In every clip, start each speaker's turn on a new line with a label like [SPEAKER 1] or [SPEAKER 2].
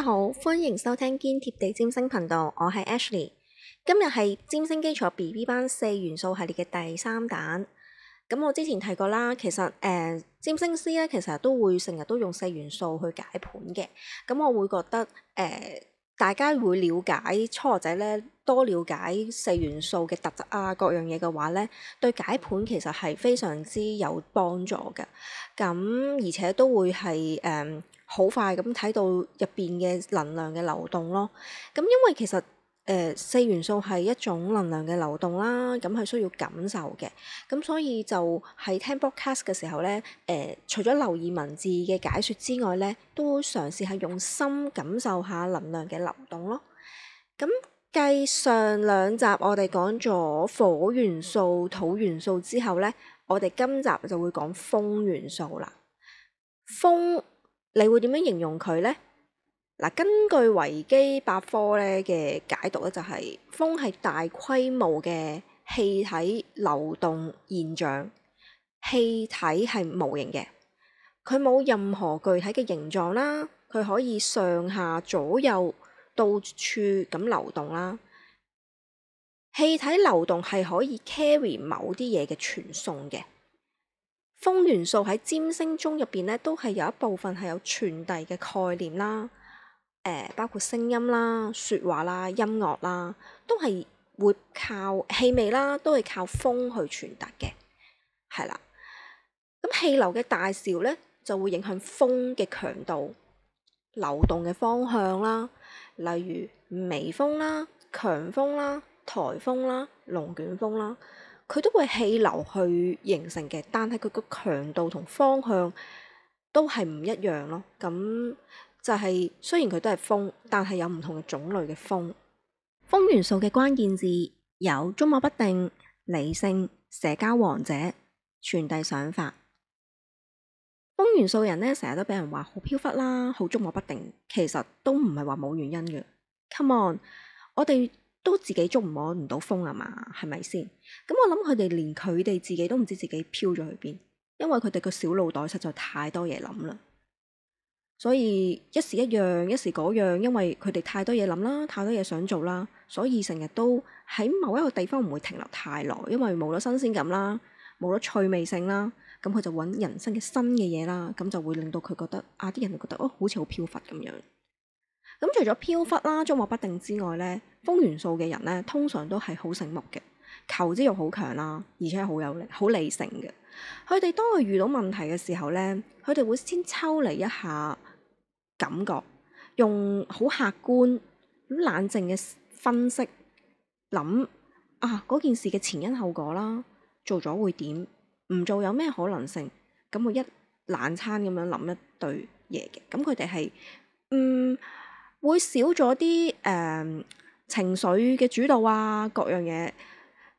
[SPEAKER 1] 大家好，歡迎收聽堅貼地占星頻道，我係 Ashley。今日係占星基礎 BB 班四元素系列嘅第三彈。咁我之前提過啦，其實誒、呃，占星師咧，其實都會成日都用四元素去解盤嘅。咁我會覺得誒、呃，大家會了解初學者咧，多了解四元素嘅特質啊，各樣嘢嘅話咧，對解盤其實係非常之有幫助嘅。咁而且都會係誒。呃好快咁睇到入邊嘅能量嘅流動咯，咁因為其實誒、呃、四元素係一種能量嘅流動啦，咁係需要感受嘅，咁所以就喺聽 podcast 嘅時候咧，誒、呃、除咗留意文字嘅解説之外咧，都嘗試係用心感受下能量嘅流動咯。咁繼上兩集我哋講咗火元素、土元素之後咧，我哋今集就會講風元素啦，風。你會點樣形容佢呢？嗱，根據維基百科咧嘅解讀咧、就是，就係風係大規模嘅氣體流動現象，氣體係無形嘅，佢冇任何具體嘅形狀啦，佢可以上下左右到處咁流動啦，氣體流動係可以 carry 某啲嘢嘅傳送嘅。風元素喺占星中入邊咧，都係有一部分係有傳遞嘅概念啦。誒、呃，包括聲音啦、説話啦、音樂啦，都係會靠氣味啦，都係靠風去傳達嘅，係啦。咁氣流嘅大小咧，就會影響風嘅強度、流動嘅方向啦。例如微風啦、強風啦、颱風啦、龍捲風啦。佢都會氣流去形成嘅，但係佢個強度同方向都係唔一樣咯。咁就係、是、雖然佢都係風，但係有唔同嘅種類嘅風。風元素嘅關鍵字有捉摸不定、理性、社交王者、傳遞想法。風元素人呢，成日都俾人話好飄忽啦，好捉摸不定，其實都唔係話冇原因嘅。Come on，我哋，都自己捉唔摸唔到風啊嘛，係咪先？咁我諗佢哋連佢哋自己都唔知自己飄咗去邊，因為佢哋個小腦袋實在太多嘢諗啦，所以一時一樣，一時嗰樣，因為佢哋太多嘢諗啦，太多嘢想做啦，所以成日都喺某一個地方唔會停留太耐，因為冇咗新鮮感啦，冇咗趣味性啦，咁佢就揾人生嘅新嘅嘢啦，咁就會令到佢覺得啊，啲人就覺得哦，好似好飄忽咁樣。咁除咗飄忽啦，捉摸不定之外咧，風元素嘅人咧，通常都係好醒目嘅，求知欲好強啦，而且好有力好理性嘅。佢哋當佢遇到問題嘅時候咧，佢哋會先抽離一下感覺，用好客觀、冷靜嘅分析諗啊嗰件事嘅前因後果啦，做咗會點，唔做有咩可能性？咁佢一冷餐咁樣諗一對嘢嘅。咁佢哋係嗯。會少咗啲誒情緒嘅主導啊，各樣嘢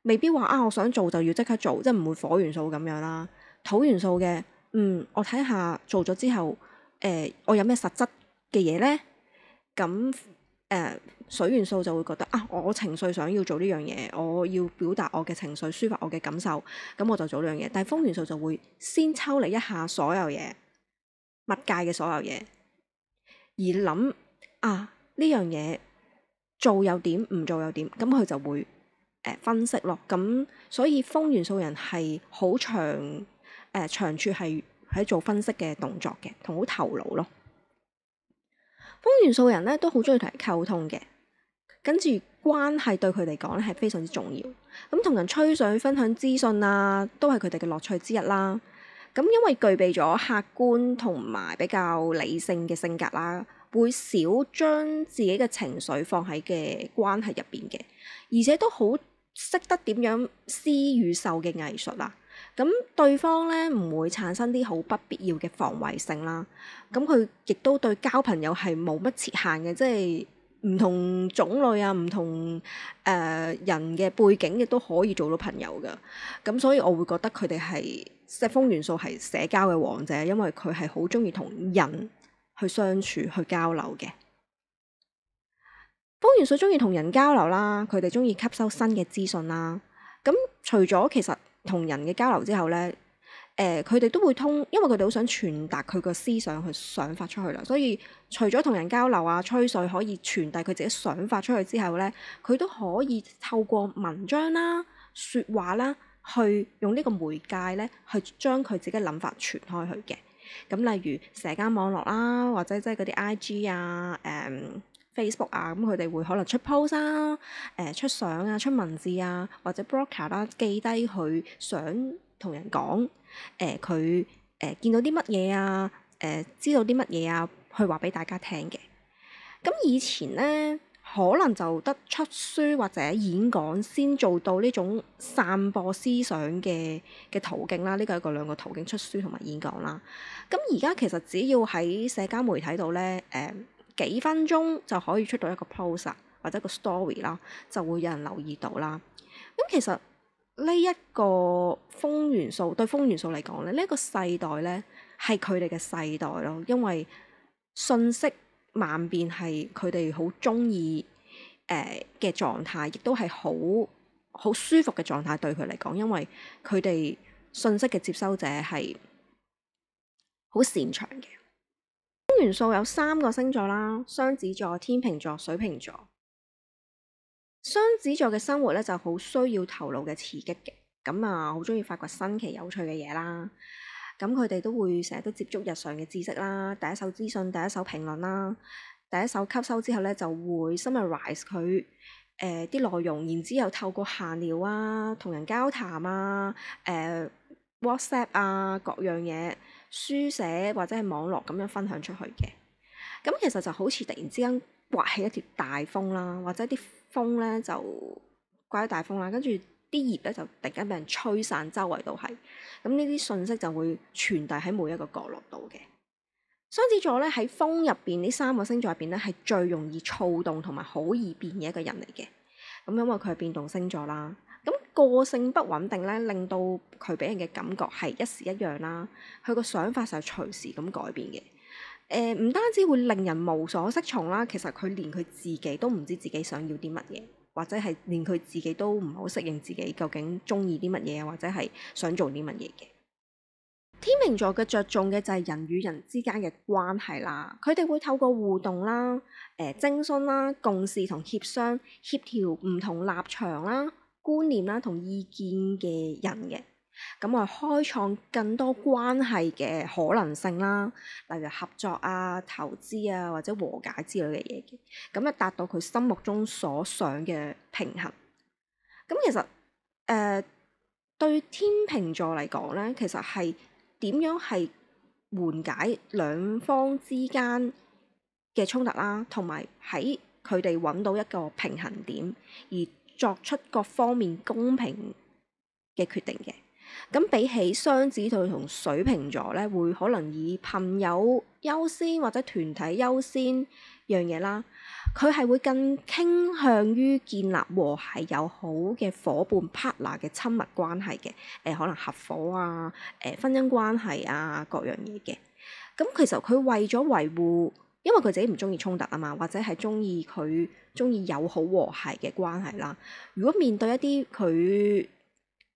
[SPEAKER 1] 未必話啊，我想做就要即刻做，即係唔會火元素咁樣啦。土元素嘅，嗯，我睇下做咗之後，誒、呃，我有咩實質嘅嘢咧？咁誒、呃，水元素就會覺得啊，我情緒想要做呢樣嘢，我要表達我嘅情緒，抒發我嘅感受，咁我就做呢樣嘢。但係風元素就會先抽離一下所有嘢，物界嘅所有嘢，而諗。啊！呢樣嘢做又點，唔做又點，咁佢就會誒、呃、分析咯。咁所以風元素人係好長誒、呃、長處係喺做分析嘅動作嘅，同好頭腦咯。風元素人咧都好中意同人溝通嘅，跟住關係對佢嚟講咧係非常之重要。咁同人吹水、分享資訊啊，都係佢哋嘅樂趣之一啦。咁因為具備咗客觀同埋比較理性嘅性格啦。會少將自己嘅情緒放喺嘅關係入邊嘅，而且都好識得點樣施與受嘅藝術啦。咁對方咧唔會產生啲好不必要嘅防衛性啦。咁佢亦都對交朋友係冇乜設限嘅，即係唔同種類啊、唔同誒、呃、人嘅背景亦都可以做到朋友㗎。咁所以我會覺得佢哋係石風元素係社交嘅王者，因為佢係好中意同人去相處、去交流嘅，風元素中意同人交流啦，佢哋中意吸收新嘅資訊啦。咁除咗其實同人嘅交流之後呢，誒佢哋都會通，因為佢哋好想傳達佢個思想、去想法出去啦。所以除咗同人交流啊、吹水可以傳遞佢自己想法出去之後呢，佢都可以透過文章啦、説話啦，去用呢個媒介呢，去將佢自己嘅諗法傳開去嘅。咁例如社交網絡啦，或者即係嗰啲 IG 啊、誒、嗯、Facebook 啊，咁佢哋會可能出 post、啊、啦、誒、呃、出相啊、出文字啊，或者 broker 啦、啊，記低，佢想同人講，誒佢誒見到啲乜嘢啊、誒、呃、知道啲乜嘢啊，去話俾大家聽嘅。咁以前咧～可能就得出書或者演講先做到呢種散播思想嘅嘅途徑啦，呢個係個兩個途徑，出書同埋演講啦。咁而家其實只要喺社交媒體度咧，誒、嗯、幾分鐘就可以出到一個 post 或者一個 story 啦，就會有人留意到啦。咁其實呢一個風元素對風元素嚟講咧，呢一個世代咧係佢哋嘅世代咯，因為信息萬變係佢哋好中意誒嘅狀態，亦都係好好舒服嘅狀態，對佢嚟講，因為佢哋信息嘅接收者係好擅長嘅。風元素有三個星座啦：雙子座、天秤座、水瓶座。雙子座嘅生活咧就好需要頭腦嘅刺激嘅，咁啊好中意發掘新奇有趣嘅嘢啦。咁佢哋都會成日都接觸日常嘅知識啦，第一手資訊、第一手評論啦，第一手吸收之後咧就會 summarize 佢誒啲內容，然之後透過閒聊啊、同人交談啊、誒、呃、WhatsApp 啊各樣嘢書寫或者係網絡咁樣分享出去嘅。咁其實就好似突然之間刮起一條大風啦，或者啲風咧就刮咗大風啦，跟住，啲葉咧就突然間俾人吹散，周圍都係咁，呢啲信息就會傳遞喺每一個角落度嘅。雙子座咧喺風入邊呢三個星座入邊咧，係最容易躁動同埋好易變嘅一個人嚟嘅。咁因為佢係變動星座啦，咁、那個性不穩定咧，令到佢俾人嘅感覺係一時一樣啦。佢個想法就係隨時咁改變嘅。誒、呃，唔單止會令人無所適從啦，其實佢連佢自己都唔知自己想要啲乜嘢。或者係連佢自己都唔好適應自己究竟鍾意啲乜嘢，或者係想做啲乜嘢嘅。天秤座嘅着重嘅就係人與人之間嘅關係啦，佢哋會透過互動啦、誒徵詢啦、共事同協商協調唔同立場啦、觀念啦同意見嘅人嘅。咁咪開創更多關係嘅可能性啦，例如合作啊、投資啊，或者和解之類嘅嘢嘅，咁就達到佢心目中所想嘅平衡。咁其實誒、呃、對天秤座嚟講咧，其實係點樣係緩解兩方之間嘅衝突啦，同埋喺佢哋揾到一個平衡點而作出各方面公平嘅決定嘅。咁比起雙子座同水瓶座咧，會可能以朋友優先或者團體優先樣嘢啦。佢係會更傾向於建立和諧友好嘅伙伴 partner 嘅親密關係嘅。誒、呃，可能合夥啊，誒、呃，婚姻關係啊，各樣嘢嘅。咁、呃、其實佢為咗維護，因為佢自己唔中意衝突啊嘛，或者係中意佢中意友好和諧嘅關係啦。如果面對一啲佢，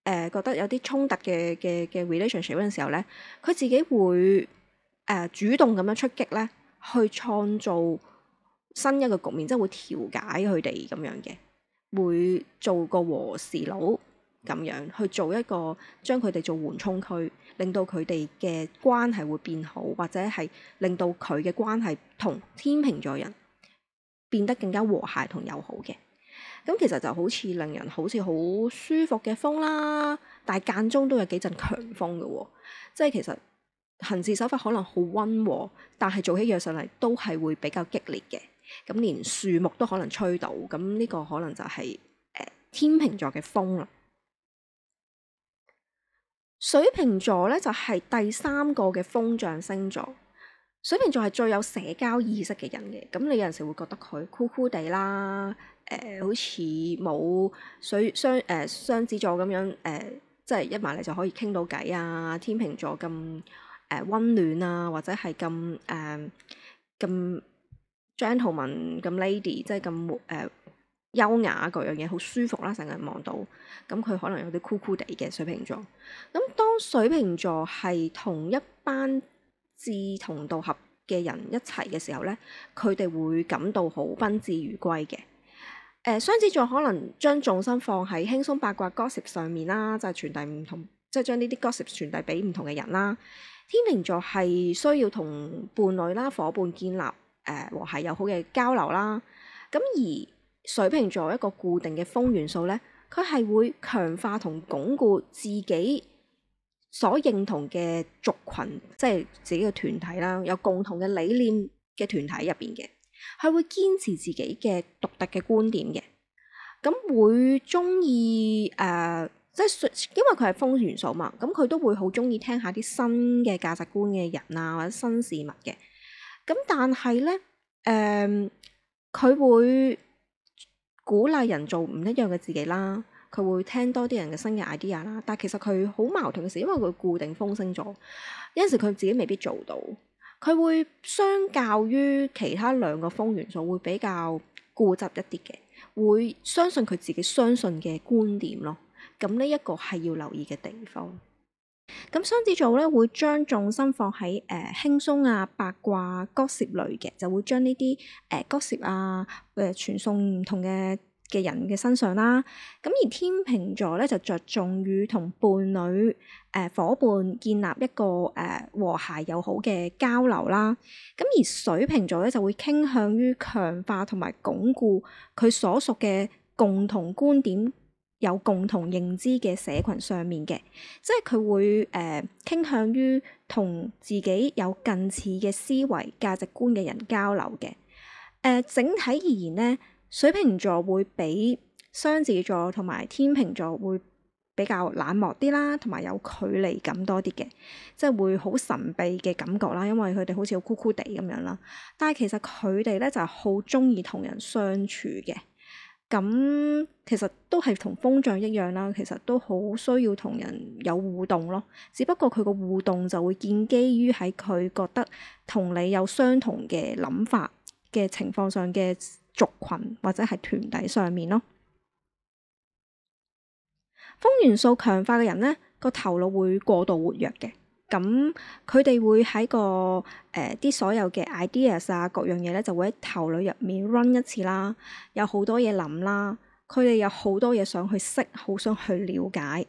[SPEAKER 1] 誒、呃，覺得有啲衝突嘅嘅嘅 relationship 嗰陣時候咧，佢自己會誒、呃、主動咁樣出擊咧，去創造新一個局面，即係會調解佢哋咁樣嘅，會做個和事佬咁樣去做一個將佢哋做緩衝區，令到佢哋嘅關係會變好，或者係令到佢嘅關係同天秤座人變得更加和諧同友好嘅。咁其實就好似令人好似好舒服嘅風啦，但係間中都有幾陣強風嘅喎、哦，即係其實行事手法可能好溫和，但係做起嘢上嚟都係會比較激烈嘅，咁連樹木都可能吹到，咁呢個可能就係、是、誒、呃、天秤座嘅風啦。水瓶座咧就係、是、第三個嘅風象星座。水瓶座係最有社交意識嘅人嘅，咁你有陣時會覺得佢酷酷 o 地啦，誒、呃、好似冇水雙誒、呃、雙子座咁樣誒，即係一埋嚟就可以傾到偈啊。天秤座咁誒溫暖啊，或者係咁誒咁 gentleman 咁 lady，即係咁誒優雅嗰樣嘢好舒服啦、啊，成日望到咁佢可能有啲酷酷 o 地嘅水瓶座。咁當水瓶座係同一班。志同道合嘅人一齊嘅時候呢，佢哋會感到好賓至如歸嘅。呃、雙子座可能將重心放喺輕鬆八卦 gossip 上面啦，就係傳遞唔同，即係將呢啲 gossip 傳遞俾唔同嘅人啦。天秤座係需要同伴侶啦、伙伴，伴建立誒、呃、和諧友好嘅交流啦。咁而水瓶座一個固定嘅風元素呢，佢係會強化同鞏固自己所認同嘅族群，即係自己嘅團體啦，有共同嘅理念嘅團體入面嘅，佢會堅持自己嘅獨特嘅觀點嘅，咁會中意誒，即係因為佢係風元素嘛，咁佢都會好中意聽下啲新嘅價值觀嘅人啊或者新事物嘅，咁但係咧誒，佢、呃、會鼓勵人做唔一樣嘅自己啦。佢會聽多啲人嘅新嘅 idea 啦，但係其實佢好矛盾嘅事，因為佢固定風星座。有陣時佢自己未必做到。佢會相較於其他兩個風元素，會比較固執一啲嘅，會相信佢自己相信嘅觀點咯。咁呢一個係要留意嘅地方。咁雙、嗯、子座咧會將重心放喺誒輕鬆啊八卦、輻射類嘅，就會將呢啲誒輻射啊誒傳、呃、送唔同嘅嘅人嘅身上啦，咁而天秤座咧就着重於同伴侶誒、呃、夥伴建立一個誒、呃、和諧友好嘅交流啦，咁而水瓶座咧就會傾向於強化同埋鞏固佢所屬嘅共同觀點，有共同認知嘅社群上面嘅，即係佢會誒、呃、傾向於同自己有近似嘅思維價值觀嘅人交流嘅。誒、呃，整體而言咧，水瓶座會比雙子座同埋天秤座會比較冷漠啲啦，同埋有距離感多啲嘅，即係會好神秘嘅感覺啦。因為佢哋好似好酷酷地咁樣啦，但係其實佢哋咧就係好中意同人相處嘅。咁其實都係同風象一樣啦，其實都好需要同人有互動咯。只不過佢個互動就會建基於喺佢覺得同你有相同嘅諗法嘅情況上嘅。族群或者係團體上面咯，風元素強化嘅人呢，個頭腦會過度活躍嘅。咁佢哋會喺個誒啲、呃、所有嘅 ideas 啊，各樣嘢呢，就會喺頭腦入面 run 一次啦，有好多嘢諗啦，佢哋有好多嘢想去識，好想去了解。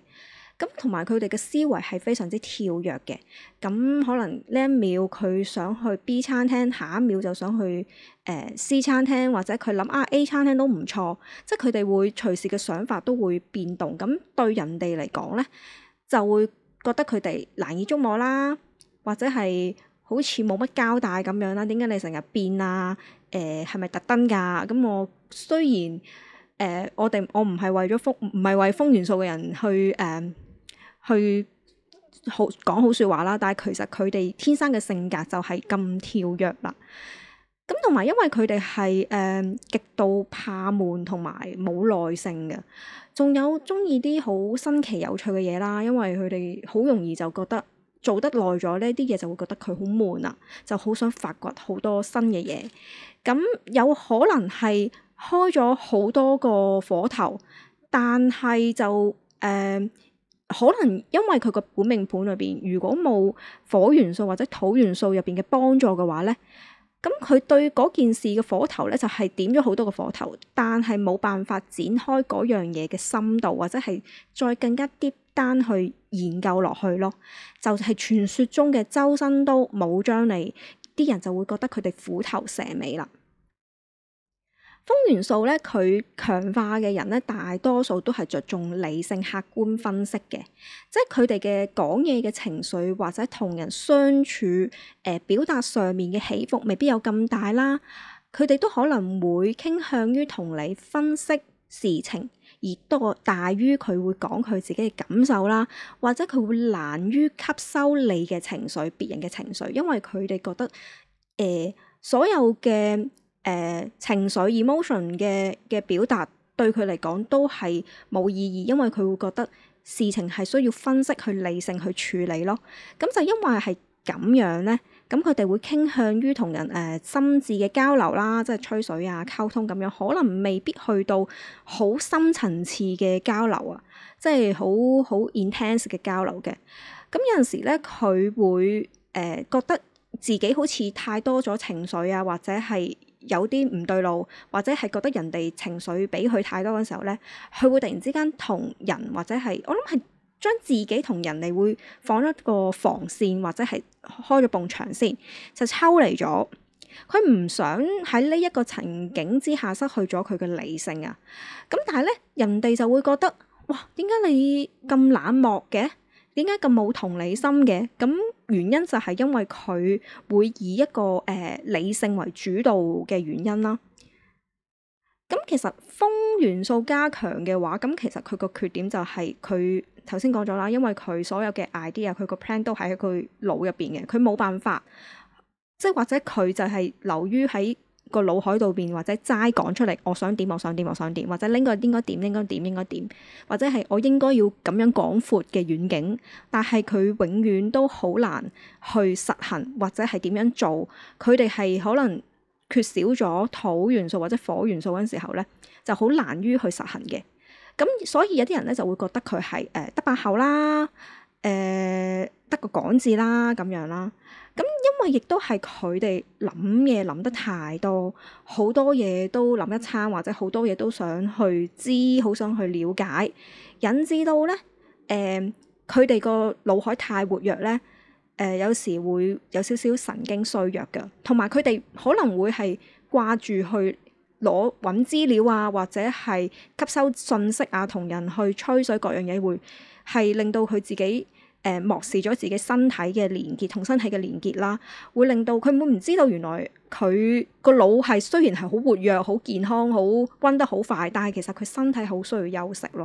[SPEAKER 1] 咁同埋佢哋嘅思維係非常之跳躍嘅，咁可能呢一秒佢想去 B 餐廳，下一秒就想去誒、呃、C 餐廳，或者佢諗啊 A 餐廳都唔錯，即係佢哋會隨時嘅想法都會變動。咁對人哋嚟講咧，就會覺得佢哋難以捉摸啦，或者係好似冇乜交代咁樣啦。點解你成日變啊？誒係咪特登㗎？咁我雖然誒、呃、我哋我唔係為咗風唔係為風元素嘅人去誒。呃去好講好說話啦，但係其實佢哋天生嘅性格就係咁跳躍啦。咁同埋因為佢哋係誒極度怕悶，同埋冇耐性嘅，仲有中意啲好新奇有趣嘅嘢啦。因為佢哋好容易就覺得做得耐咗呢啲嘢就會覺得佢好悶啊，就好想發掘好多新嘅嘢。咁有可能係開咗好多個火頭，但係就誒。呃可能因為佢個本命盤裏邊，如果冇火元素或者土元素入邊嘅幫助嘅話呢，咁佢對嗰件事嘅火頭呢，就係點咗好多個火頭，但係冇辦法展開嗰樣嘢嘅深度，或者係再更加啲單去研究落去咯，就係傳説中嘅周身刀冇張利，啲人就會覺得佢哋虎頭蛇尾啦。風元素咧，佢強化嘅人咧，大多數都係着重理性、客觀分析嘅，即係佢哋嘅講嘢嘅情緒或者同人相處誒、呃、表達上面嘅起伏未必有咁大啦。佢哋都可能會傾向於同你分析事情，而多大於佢會講佢自己嘅感受啦，或者佢會難於吸收你嘅情緒、別人嘅情緒，因為佢哋覺得誒、呃、所有嘅。誒、呃、情緒 emotion 嘅嘅表達對佢嚟講都係冇意義，因為佢會覺得事情係需要分析去理性去處理咯。咁就因為係咁樣咧，咁佢哋會傾向於同人誒、呃、心智嘅交流啦，即係吹水啊、溝通咁樣，可能未必去到好深層次嘅交流啊，即係好好 intense 嘅交流嘅。咁有陣時咧，佢會誒、呃、覺得自己好似太多咗情緒啊，或者係。有啲唔對路，或者係覺得人哋情緒俾佢太多嘅時候呢，佢會突然之間同人，或者係我諗係將自己同人哋會放一個防線，或者係開咗埲牆先，就抽離咗。佢唔想喺呢一個情景之下失去咗佢嘅理性啊。咁但係呢，人哋就會覺得哇，點解你咁冷漠嘅？點解咁冇同理心嘅？咁原因就係因為佢會以一個誒、呃、理性為主導嘅原因啦。咁其實風元素加強嘅話，咁其實佢個缺點就係佢頭先講咗啦，因為佢所有嘅 idea，佢個 plan 都係喺佢腦入邊嘅，佢冇辦法，即係或者佢就係流於喺。個腦海度邊或者齋講出嚟，我想點我想點我想點，或者拎個應該點應該點應該點，或者係我應該要咁樣廣闊嘅遠景，但係佢永遠都好難去實行，或者係點樣做，佢哋係可能缺少咗土元素或者火元素嗰陣時候咧，就好難於去實行嘅。咁所以有啲人咧就會覺得佢係誒得把口啦，誒、呃、得個講字啦咁樣啦，咁。因為亦都係佢哋諗嘢諗得太多，好多嘢都諗一餐，或者好多嘢都想去知，好想去了解，引致到呢，誒、呃，佢哋個腦海太活躍呢，誒、呃，有時會有少少神經衰弱㗎，同埋佢哋可能會係掛住去攞揾資料啊，或者係吸收信息啊，同人去吹水各樣嘢，會係令到佢自己。誒漠視咗自己身體嘅連結同身體嘅連結啦，會令到佢會唔知道原來佢個腦係雖然係好活躍、好健康、好轉得好快，但係其實佢身體好需要休息咯。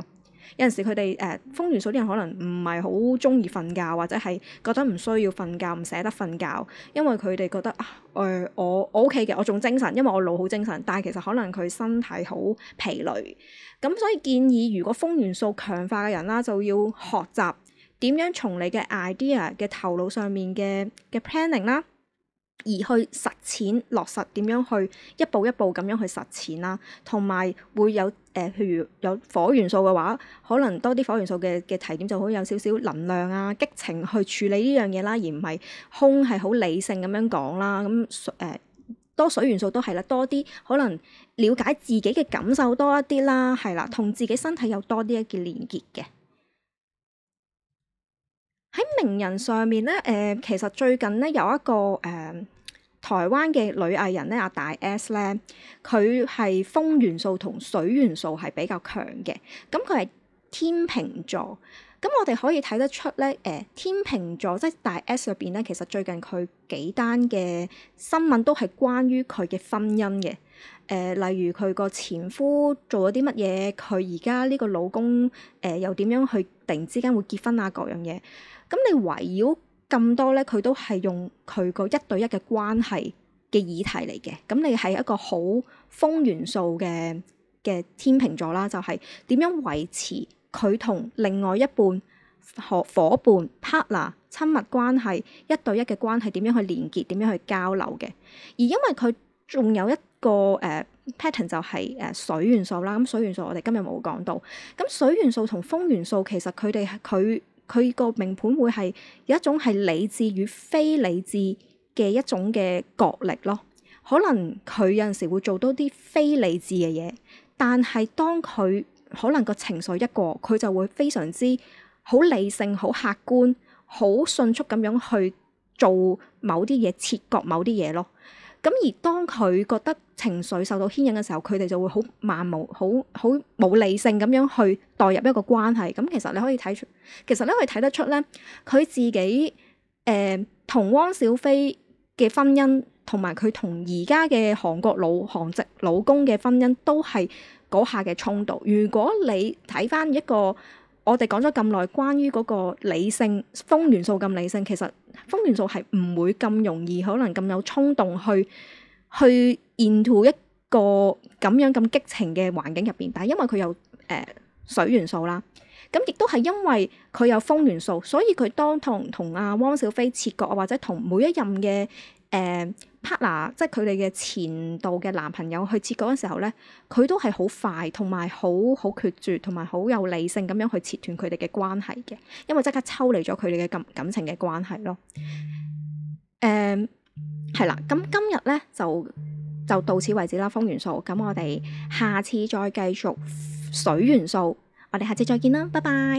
[SPEAKER 1] 有陣時佢哋誒風元素啲人可能唔係好中意瞓覺，或者係覺得唔需要瞓覺，唔捨得瞓覺，因為佢哋覺得啊誒、呃、我我 OK 嘅，我仲精神，因為我腦好精神，但係其實可能佢身體好疲累。咁所以建議，如果風元素強化嘅人啦，就要學習。點樣從你嘅 idea 嘅頭腦上面嘅嘅 planning 啦，plan ning，而去實踐落實點樣去一步一步咁樣去實踐啦，同埋會有誒、呃，譬如有火元素嘅話，可能多啲火元素嘅嘅提點就好有少少能量啊、激情去處理呢樣嘢啦，而唔係空係好理性咁樣講啦。咁誒、呃、多水元素都係啦，多啲可能了解自己嘅感受多一啲啦，係啦，同自己身體有多啲一啲連結嘅。喺名人上面咧，誒、呃，其實最近咧有一個誒、呃、台灣嘅女藝人咧阿、啊、大 S 咧，佢係風元素同水元素係比較強嘅。咁佢係天秤座，咁我哋可以睇得出咧，誒、呃，天秤座即係大 S 入邊咧，其實最近佢幾單嘅新聞都係關於佢嘅婚姻嘅。誒、呃，例如佢個前夫做咗啲乜嘢，佢而家呢個老公誒、呃、又點樣去突然之間會結婚啊，各樣嘢。咁你圍繞咁多咧，佢都係用佢個一對一嘅關係嘅議題嚟嘅。咁你係一個好風元素嘅嘅天秤座啦，就係、是、點樣維持佢同另外一半、伙伴、partner 親密關係、一對一嘅關係，點樣去連結，點樣去交流嘅。而因為佢仲有一個誒、uh, pattern 就係、是、誒、uh, 水元素啦。咁水元素我哋今日冇講到。咁水元素同風元素其實佢哋佢。佢個名盤會係有一種係理智與非理智嘅一種嘅角力咯。可能佢有陣時會做多啲非理智嘅嘢，但係當佢可能個情緒一過，佢就會非常之好理性、好客觀、好迅速咁樣去做某啲嘢、切割某啲嘢咯。咁而當佢覺得情緒受到牽引嘅時候，佢哋就會好漫無好好冇理性咁樣去代入一個關係。咁其實你可以睇出，其實你可以睇得出咧，佢自己誒同、呃、汪小菲嘅婚姻，同埋佢同而家嘅韓國老韓籍老公嘅婚姻，都係嗰下嘅衝動。如果你睇返一個，我哋講咗咁耐關於嗰個理性風元素咁理性，其實。風元素係唔會咁容易，可能咁有衝動去去 into 一個咁樣咁激情嘅環境入邊，但係因為佢有誒水元素啦，咁亦都係因為佢有風元素，所以佢當堂同阿汪小菲切割，啊，或者同每一任嘅，誒、uh, partner，即係佢哋嘅前度嘅男朋友，去切割嗰陣時候咧，佢都係好快，同埋好好決絕，同埋好有理性咁樣去切斷佢哋嘅關係嘅，因為即刻抽離咗佢哋嘅感感情嘅關係咯。誒、uh，係啦，咁今日咧就就到此為止啦，風元素。咁我哋下次再繼續水元素，我哋下次再見啦，拜拜。